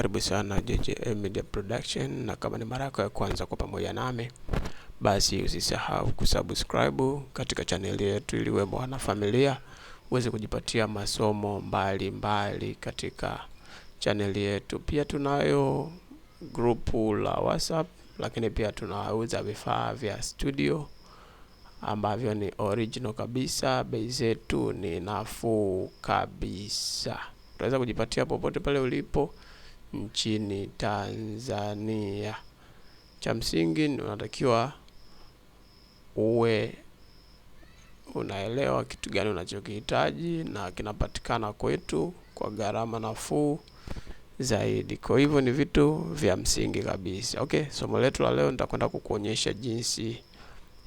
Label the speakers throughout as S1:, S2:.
S1: Karibu sana JJM Media Production, na kama ni mara yako ya kwanza kwa pamoja nami, basi usisahau kusubscribe katika chaneli yetu ili wewe mwanafamilia uweze kujipatia masomo mbalimbali mbali katika chaneli yetu. Pia tunayo grupu la WhatsApp, lakini pia tunauza vifaa vya studio ambavyo ni original kabisa. Bei zetu ni nafuu kabisa, utaweza kujipatia popote pale ulipo nchini Tanzania. Cha msingi unatakiwa uwe unaelewa kitu gani unachokihitaji na kinapatikana kwetu kwa gharama nafuu zaidi. Kwa hivyo ni vitu vya msingi kabisa. Okay, somo letu la leo nitakwenda kukuonyesha jinsi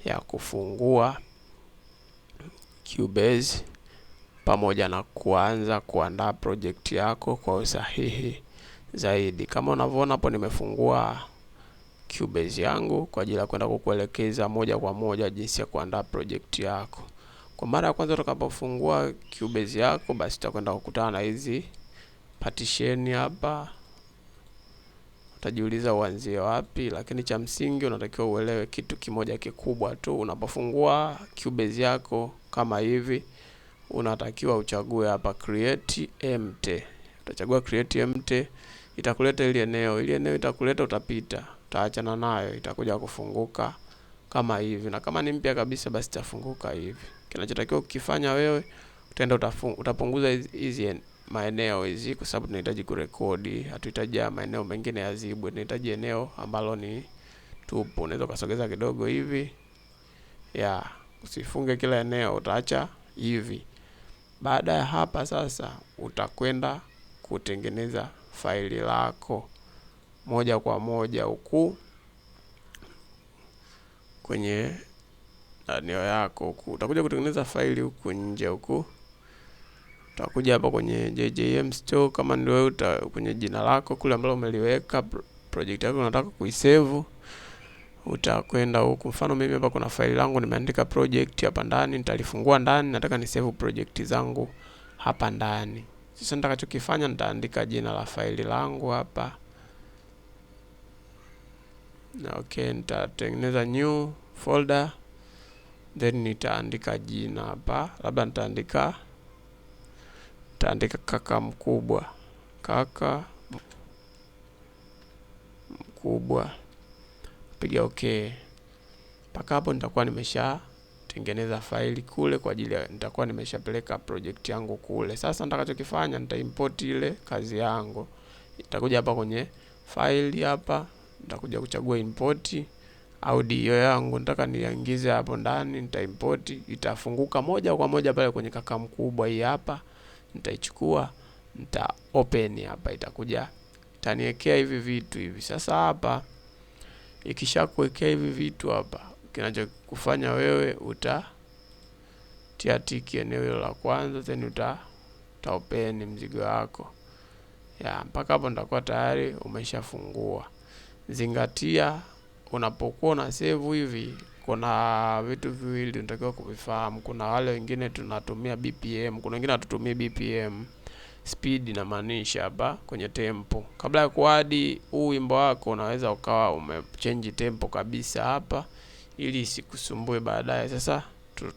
S1: ya kufungua Cubase pamoja na kuanza kuandaa project yako kwa usahihi zaidi. Kama unavyoona hapo, nimefungua Cubase yangu kwa ajili ya kwenda kukuelekeza moja kwa moja jinsi ya kuandaa project yako. Kwa mara ya kwanza utakapofungua Cubase yako, basi utakwenda kukutana na hizi partition hapa. Utajiuliza uanzie wapi, lakini cha msingi unatakiwa uelewe kitu kimoja kikubwa tu. Unapofungua Cubase yako kama hivi, unatakiwa uchague hapa create empty. Utachagua create empty itakuleta ili eneo, ili eneo itakuleta, utapita, utaachana nayo, itakuja kufunguka kama hivi, na kama ni mpya kabisa, basi itafunguka hivi. Kinachotakiwa ukifanya wewe utaenda utapunguza hizi maeneo hizi, kwa sababu tunahitaji kurekodi, hatuhitaji maeneo mengine ya tunahitaji eneo ambalo ni tupu. Unaweza ukasogeza kidogo hivi ya usifunge kila eneo, utaacha hivi. Baada ya hapa sasa, utakwenda kutengeneza faili lako moja kwa moja huku kwenye anio yako huku. Utakuja kutengeneza faili huku nje huku, utakuja hapa kwenye JJM Store kama ndio wewe uta kwenye jina lako kule ambalo umeliweka project yako unataka kuisave, utakwenda huku. Mfano mimi hapa kuna faili langu nimeandika project hapa ndani, nitalifungua ndani, nataka ni save project zangu hapa ndani. Sasa nitakachokifanya nitaandika jina la faili langu hapa. Okay, nitatengeneza new folder then nitaandika jina hapa, labda nitaandika nitaandika kaka mkubwa, kaka mkubwa, piga okay. Mpaka hapo nitakuwa nimesha tengeneza faili kule kwa ajili ya nitakuwa nimeshapeleka project yangu kule. Sasa nitakachokifanya nitaimport ile kazi yangu, nitakuja hapa kwenye faili hapa, nitakuja kuchagua import audio yangu nataka niingize hapo ndani, nitaimport. Itafunguka moja kwa moja pale kwenye kaka mkubwa, hii hapa. Nitaichukua, nita open hapa, itakuja itaniwekea hivi vitu hivi. Sasa hapa ikishakuwekea hivi vitu hapa kinachokufanya wewe utatia tiki eneo hilo la kwanza, then uta taopeni mzigo wako ya mpaka hapo nitakuwa tayari umeshafungua. Zingatia, unapokuwa una save hivi, kuna vitu viwili unatakiwa kuvifahamu. Kuna wale wengine tunatumia BPM, kuna wengine hatutumii BPM speed na maanisha hapa kwenye tempo. Kabla ya kuadi huu wimbo wako, unaweza ukawa umechange tempo kabisa hapa ili isikusumbue baadaye. Sasa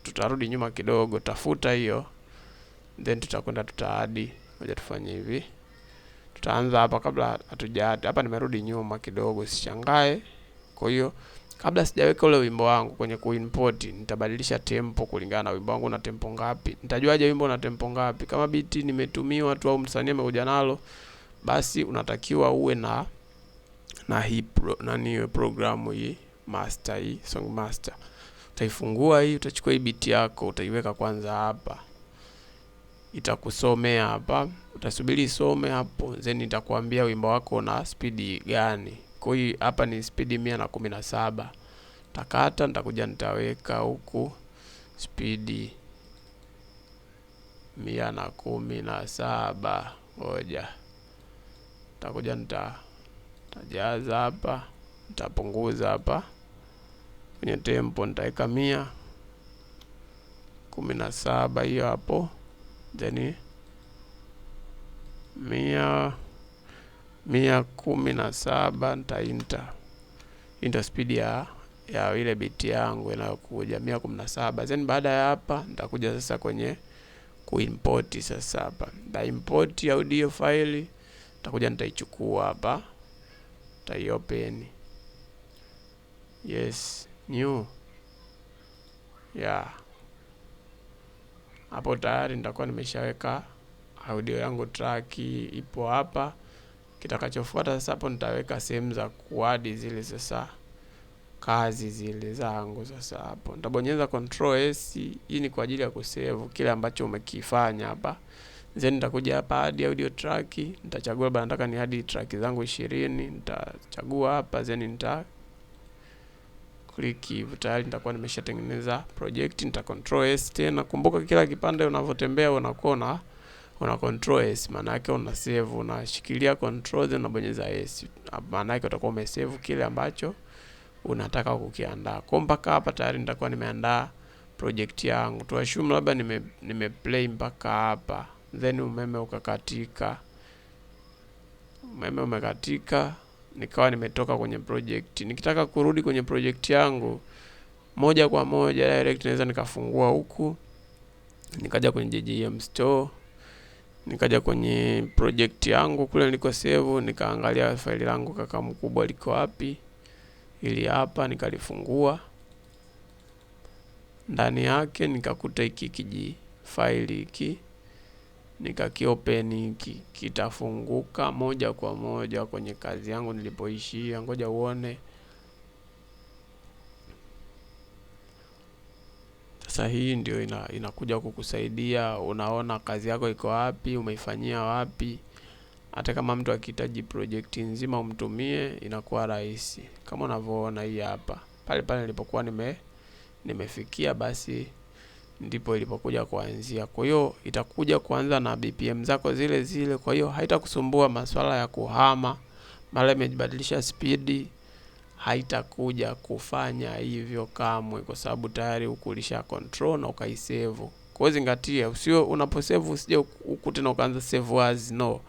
S1: tutarudi nyuma kidogo, tafuta hiyo then tutakwenda tutaadi. Ngoja tufanye hivi, tutaanza hapa kabla hatujaadi hapa. Nimerudi nyuma kidogo, sishangae Kwa hiyo kabla sijaweka ule wimbo wangu kwenye kuimport, nitabadilisha tempo kulingana na wimbo wangu na tempo ngapi. Nitajuaje wimbo una tempo ngapi? Kama biti nimetumiwa tu au msanii amekuja nalo, basi unatakiwa uwe na na hii pro, nani programu hii master hii, song master. Utaifungua hii, utachukua hii biti yako, utaiweka kwanza hapa. Itakusomea hapa, utasubiri isome hapo, then itakwambia wimbo wako na spidi gani. Kwa hiyo hapa ni spidi mia na kumi na saba. Takata nitakuja nitaweka huku spidi mia na kumi na saba. Ngoja nitakuja nitajaza hapa, nitapunguza hapa kwenye tempo nitaweka mia kumi na saba hiyo hapo then mia mia kumi na saba nitainta inta speed ya ya ile biti yangu inayokuja mia kumi na saba then baada ya hapa nitakuja sasa kwenye kuimport sasa hapa import audio file nitakuja nitaichukua hapa nitaiopen yes new yeah. Hapo tayari nitakuwa nimeshaweka audio yangu, track ipo hapa. Kitakachofuata sasa, hapo nitaweka sehemu za kuadi zile sasa kazi zile zangu sasa. Hapo nitabonyeza control S. Hii ni kwa ajili ya kusave kile ambacho umekifanya hapa. Then nitakuja hapa hadi audio track, nitachagua bana, nataka ni hadi track zangu ishirini, nitachagua hapa then nita click hivyo, tayari nitakuwa nimeshatengeneza project. Nita control s tena, kumbuka kila kipande unavyotembea unakuwa una una control s, maana yake una save, unashikilia control na bonyeza s, maana yake utakuwa umesave kile ambacho unataka kukiandaa. Kwa mpaka hapa tayari nitakuwa nimeandaa project yangu. Tuashumu labda nime, nime play mpaka hapa, then umeme ukakatika, umeme umekatika nikawa nimetoka kwenye project. Nikitaka kurudi kwenye project yangu moja kwa moja direct, naweza nikafungua huku nikaja kwenye JJM store, nikaja kwenye project yangu kule niko save, nikaangalia faili langu kaka mkubwa liko wapi, ili hapa nikalifungua ndani yake nikakuta hiki kiji faili hiki nikakiopeni kitafunguka moja kwa moja kwenye kazi yangu nilipoishia. Ngoja uone sasa, hii ndio ina, inakuja kukusaidia. Unaona kazi yako iko wapi, umeifanyia wapi. Hata kama mtu akihitaji projekti nzima umtumie, inakuwa rahisi, kama unavyoona hii hapa, pale pale nilipokuwa nime nimefikia basi ndipo ilipokuja kuanzia. Kwa hiyo itakuja kuanza na BPM zako zile zile, kwa hiyo haitakusumbua masuala ya kuhama mara imejibadilisha spidi, haitakuja kufanya hivyo kamwe, kwa sababu tayari ukulisha control na ukaisevu. Kwa hiyo zingatia, usio unaposevu usije ukute na ukaanza save as no,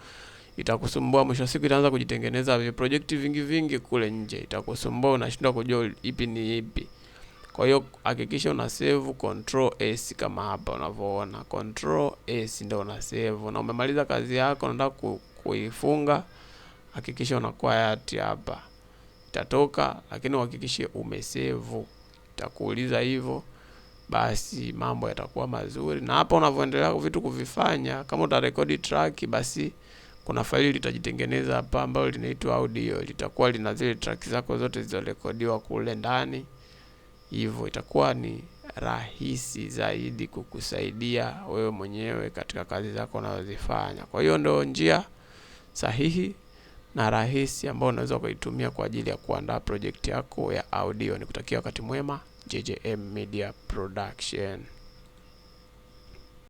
S1: itakusumbua. Mwisho wa siku itaanza kujitengeneza viprojekti vingi vingi kule nje, itakusumbua, unashindwa kujua ipi ni ipi. Kwa hiyo hakikisha una save control s kama hapa unavyoona, control s ndio una save, na umemaliza kazi yako unataka ku, kuifunga, hakikisha una quiet hapa, itatoka lakini uhakikishe umesave, itakuuliza hivyo basi mambo yatakuwa mazuri, na hapa unavyoendelea vitu kuvifanya, kama utarekodi track, basi kuna faili litajitengeneza hapa ambalo linaitwa audio, litakuwa lina zile track zako zote zilizorekodiwa kule ndani hivyo itakuwa ni rahisi zaidi kukusaidia wewe mwenyewe katika kazi zako unazozifanya. Kwa hiyo ndio njia sahihi na rahisi ambayo unaweza ukaitumia kwa ajili ya kuandaa project yako ya audio. Nikutakia wakati mwema, JJM Media Production.